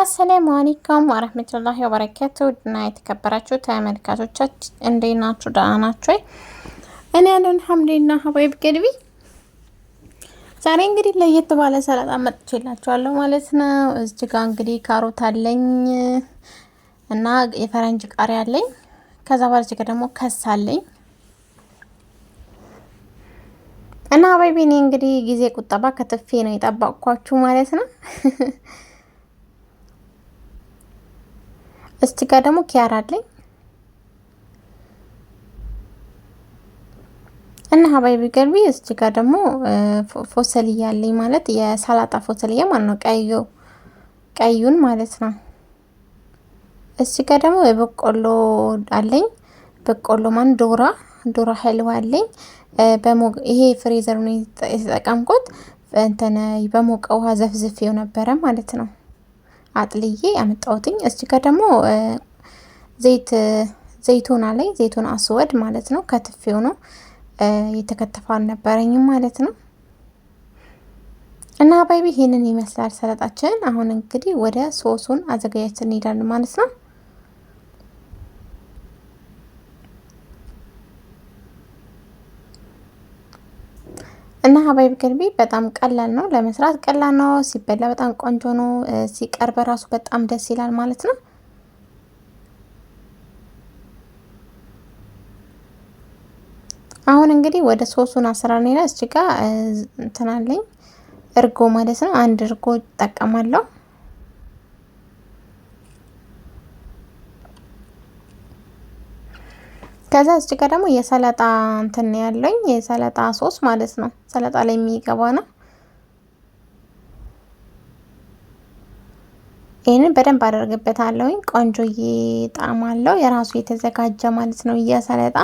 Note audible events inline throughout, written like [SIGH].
አሰላሙ አለይኩም ወረህመቱላሂ ወበረካቱ እና የተከበራችሁ ተመልካቾቻችን እንዴት ናችሁ? ደህና ናችሁ? እኔ ያለው ሀምዴና ሀባይብ ገድቢ ዛሬ እንግዲህ ለየት ባለ ሰላጣ መጥቼላችኋለሁ ማለት ነው። እዚህ ጋር እንግዲህ ካሮት አለኝ እና የፈረንጅ ቃሪያ አለኝ። ከዛ ባለች ጋር ደግሞ ከስ አለኝ እና ሀባይቤ እኔ እንግዲህ ጊዜ ቁጠባ ከትፌ ነው የጠባቅኳችሁ ማለት ነው። [LAUGHS] እስቲ ጋር ደግሞ ኪያር አለኝ እና ሀባይቢ ገልቢ እስቲ ጋር ደግሞ ፎሰልያ አለኝ ማለት የሰላጣ ፎሰልያ ማለት ነው። ቀዩ ቀዩን ማለት ነው። እስቲ ጋር ደግሞ የበቆሎ አለኝ። በቆሎ ማን ዶራ ዶራ ሀልዋ አለኝ። በሞ ይሄ ፍሬዘር ነው የተጠቀምኩት። እንትን በሞቀ ውሃ ዘፍዝፌው ነበረ ማለት ነው። አጥልዬ ያመጣሁትኝ። እዚህ ጋር ደግሞ ዘይት ዘይቶና ላይ ዘይቶን አስወድ ማለት ነው። ከትፌው ነው የተከተፈ አልነበረኝም ማለት ነው። እና ባይቢ ይሄንን ይመስላል ሰላጣችን። አሁን እንግዲህ ወደ ሶሱን አዘጋጀት እንሄዳለን ማለት ነው። እና ሀባይብ ገንቢ በጣም ቀላል ነው ለመስራት፣ ቀላል ነው ሲበላ፣ በጣም ቆንጆ ነው። ሲቀርብ ራሱ በጣም ደስ ይላል ማለት ነው። አሁን እንግዲህ ወደ ሶሱን አሰራር ሌላ እስኪ እንትናለኝ እርጎ ማለት ነው። አንድ እርጎ እጠቀማለሁ። ከዛ እዚህ ጋር ደግሞ የሰላጣ እንትን ያለኝ የሰላጣ ሶስ ማለት ነው። ሰላጣ ላይ የሚገባ ነው። ይህንን በደንብ አደርግበታለሁኝ። ቆንጆዬ ጣዕም አለው የራሱ የተዘጋጀ ማለት ነው የሰላጣ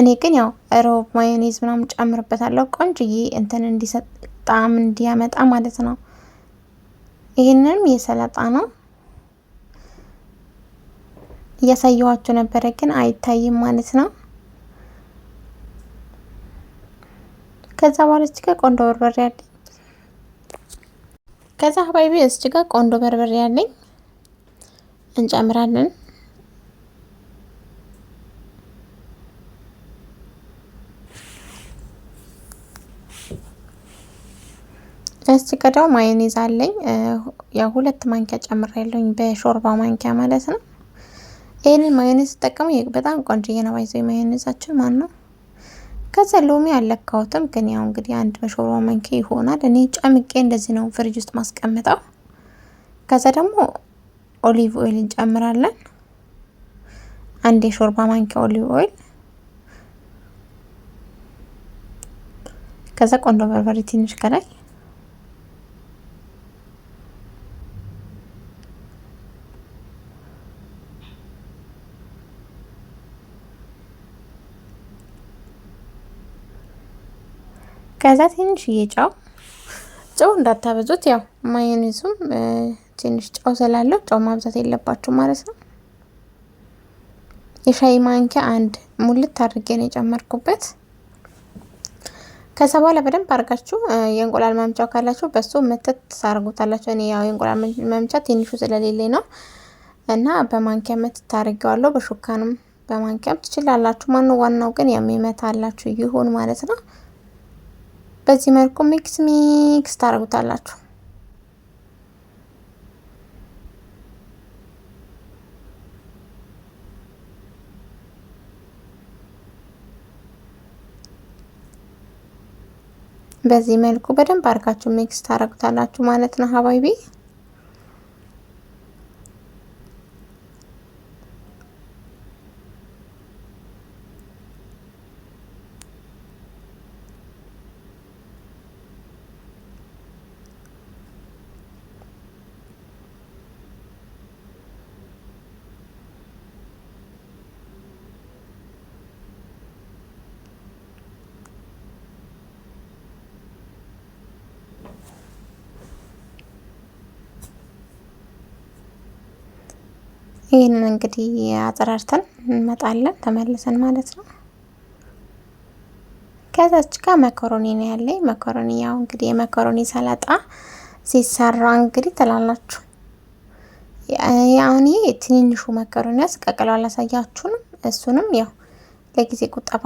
እኔ ግን ያው ሮብ ማዮኔዝ ምናምን ጨምርበታለሁ ቆንጆዬ እንትን እንዲሰጥ ጣዕም እንዲያመጣ ማለት ነው። ይህንንም የሰላጣ ነው እያሳየኋቸው ነበረ፣ ግን አይታይም ማለት ነው። ከዛ በኋላ እዚህ ጋር ቆንዶ በርበሬ አለኝ። ከዛ ሀባይቢ እዚህ ጋር ቆንዶ በርበሬ አለኝ እንጨምራለን። እስቲ ጋር ደግሞ አለኝ። ያው ሁለት ማንኪያ ጨምሬያለሁኝ በሾርባ ማንኪያ ማለት ነው። ይህንን ማዮኔዝ ስጠቀሙ በጣም ቆንጆዬ ነው። ባይዘው ማዮኔዛችን ማን ነው? ከዛ ሎሚ አለካውትም፣ ግን ያው እንግዲህ አንድ በሾርባ ማንኪያ ይሆናል። እኔ ጨምቄ እንደዚህ ነው ፍሪጅ ውስጥ ማስቀምጠው። ከዛ ደግሞ ኦሊቭ ኦይል እንጨምራለን። አንድ የሾርባ ማንኪያ ኦሊቭ ኦይል፣ ከዛ ቆንጆ በርበሬ ትንሽ ከላይ ከዛ ትንሽዬ ጨው ጨው እንዳታበዙት፣ ያው ማዮኔዙም ትንሽ ጨው ስላለው ጨው ማብዛት የለባችሁ ማለት ነው። የሻይ ማንኪያ አንድ ሙልት አድርጌ ነው የጨመርኩበት። ከዛ በኋላ በደንብ አድርጋችሁ የእንቁላል መምቻው ካላችሁ በሱ ምትት ታርጉታላችሁ። እኔ ያው የእንቁላል መምቻ ትንሹ ስለሌለኝ ነው እና በማንኪያ ምትት አድርጌዋለሁ። በሹካንም በማንኪያም ትችላላችሁ። ማነው ዋናው ግን የሚመታላችሁ ይሁን ማለት ነው። በዚህ መልኩ ሚክስ ሚክስ ታደርጉታላችሁ። በዚህ መልኩ በደንብ አድርጋችሁ ሚክስ ታደርጉታላችሁ ማለት ነው ሀባይቢ ይህንን እንግዲህ አጠራርተን እንመጣለን ተመልሰን ማለት ነው። ከዛች ጋር መኮሮኒ ነው ያለ። መኮሮኒ ያው እንግዲህ የመኮሮኒ ሰላጣ ሲሰራ እንግዲህ ትላላችሁ። አሁን ይሄ ትንንሹ መኮሮኒ ስቀቅለው አላሳያችሁንም። እሱንም ያው ለጊዜ ቁጠባ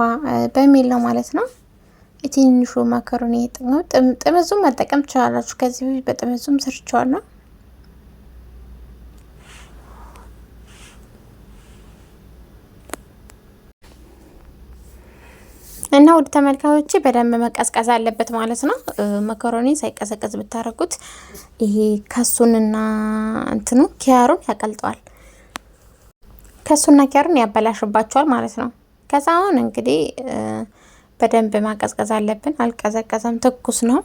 በሚል ነው ማለት ነው። የትንንሹ መኮሮኒ ጥምዙም መጠቀም ትችላላችሁ። ከዚህ በፊት በጥምዙም ሰርቸዋል ነው ውድ ተመልካቾች በደንብ መቀዝቀዝ አለበት ማለት ነው። መኮሮኒ ሳይቀዘቀዝ ብታረጉት ይሄ ከሱንና እንትኑ ኪያሩን ያቀልጠዋል። ከሱና ኪያሩን ያበላሽባቸዋል ማለት ነው። ከዛ አሁን እንግዲህ በደንብ ማቀዝቀዝ አለብን። አልቀዘቀዘም፣ ትኩስ ነው።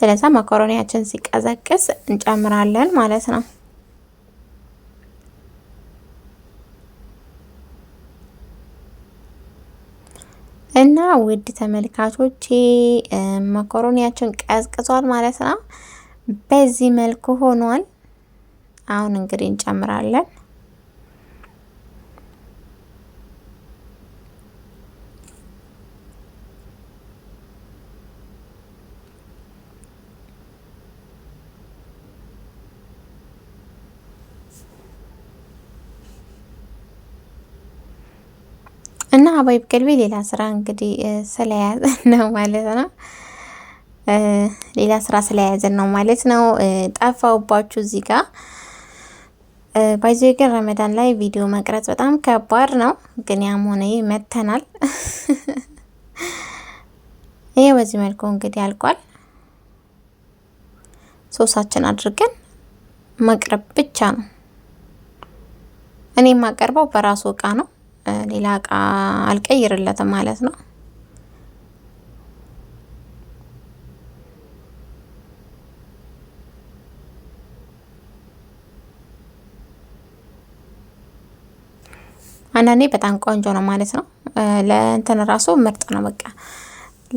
ስለዛ መኮሮኒያችን ሲቀዘቅዝ እንጨምራለን ማለት ነው። እና ውድ ተመልካቾቼ መኮሮኒያችን ቀዝቅዟል ማለት ነው። በዚህ መልኩ ሆኗል። አሁን እንግዲህ እንጨምራለን ሀባይብ ቀልቤ ሌላ ስራ እንግዲህ ስለያዘን [LAUGHS] ነው ማለት ነው። ሌላ ስራ ስለያዘን ነው ማለት ነው። ጠፋውባችሁ እዚህ ጋር ባይዞ ግን ረመዳን ላይ ቪዲዮ መቅረጽ በጣም ከባድ ነው። ግን ያም ሆነ መተናል። ይህ [LAUGHS] በዚህ መልኩ እንግዲህ አልቋል። ሶሳችን አድርገን መቅረብ ብቻ ነው። እኔ የማቀርበው በራሱ እቃ ነው። ሌላ እቃ አልቀይርለትም ማለት ነው። አንዳንዴ በጣም ቆንጆ ነው ማለት ነው። ለእንትን ራሱ ምርጥ ነው በቃ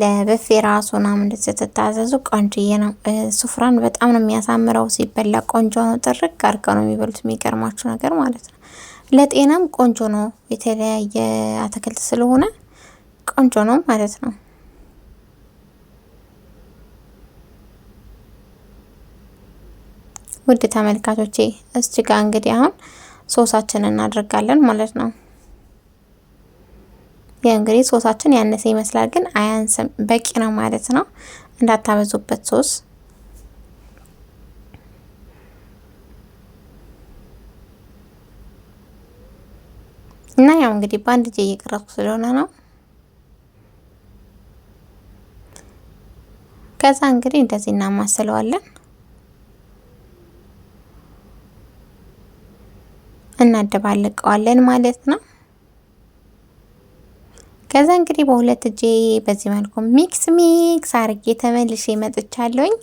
ለብፌ ራሱ ምናምን ስትታዘዙ ቆንጆዬ ነው። ሱፍራን በጣም ነው የሚያሳምረው። ሲበላ ቆንጆ ነው። ጥርቅ አድርገው ነው የሚበሉት የሚገርማችሁ ነገር ማለት ነው። ለጤናም ቆንጆ ነው። የተለያየ አትክልት ስለሆነ ቆንጆ ነው ማለት ነው። ውድ ተመልካቾቼ እስቲ ጋር እንግዲህ አሁን ሶሳችን እናደርጋለን ማለት ነው። ይህ እንግዲህ ሶሳችን ያነሰ ይመስላል፣ ግን አያንስም፣ በቂ ነው ማለት ነው። እንዳታበዙበት ሶስ እና ያው እንግዲህ በአንድ እጄ እየቀረጽኩ ስለሆነ ነው። ከዛ እንግዲህ እንደዚህ እናማስለዋለን እናደባልቀዋለን ማለት ነው። ከዛ እንግዲህ በሁለት እጄ በዚህ መልኩ ሚክስ ሚክስ አርጌ ተመልሼ መጥቻለሁኝ።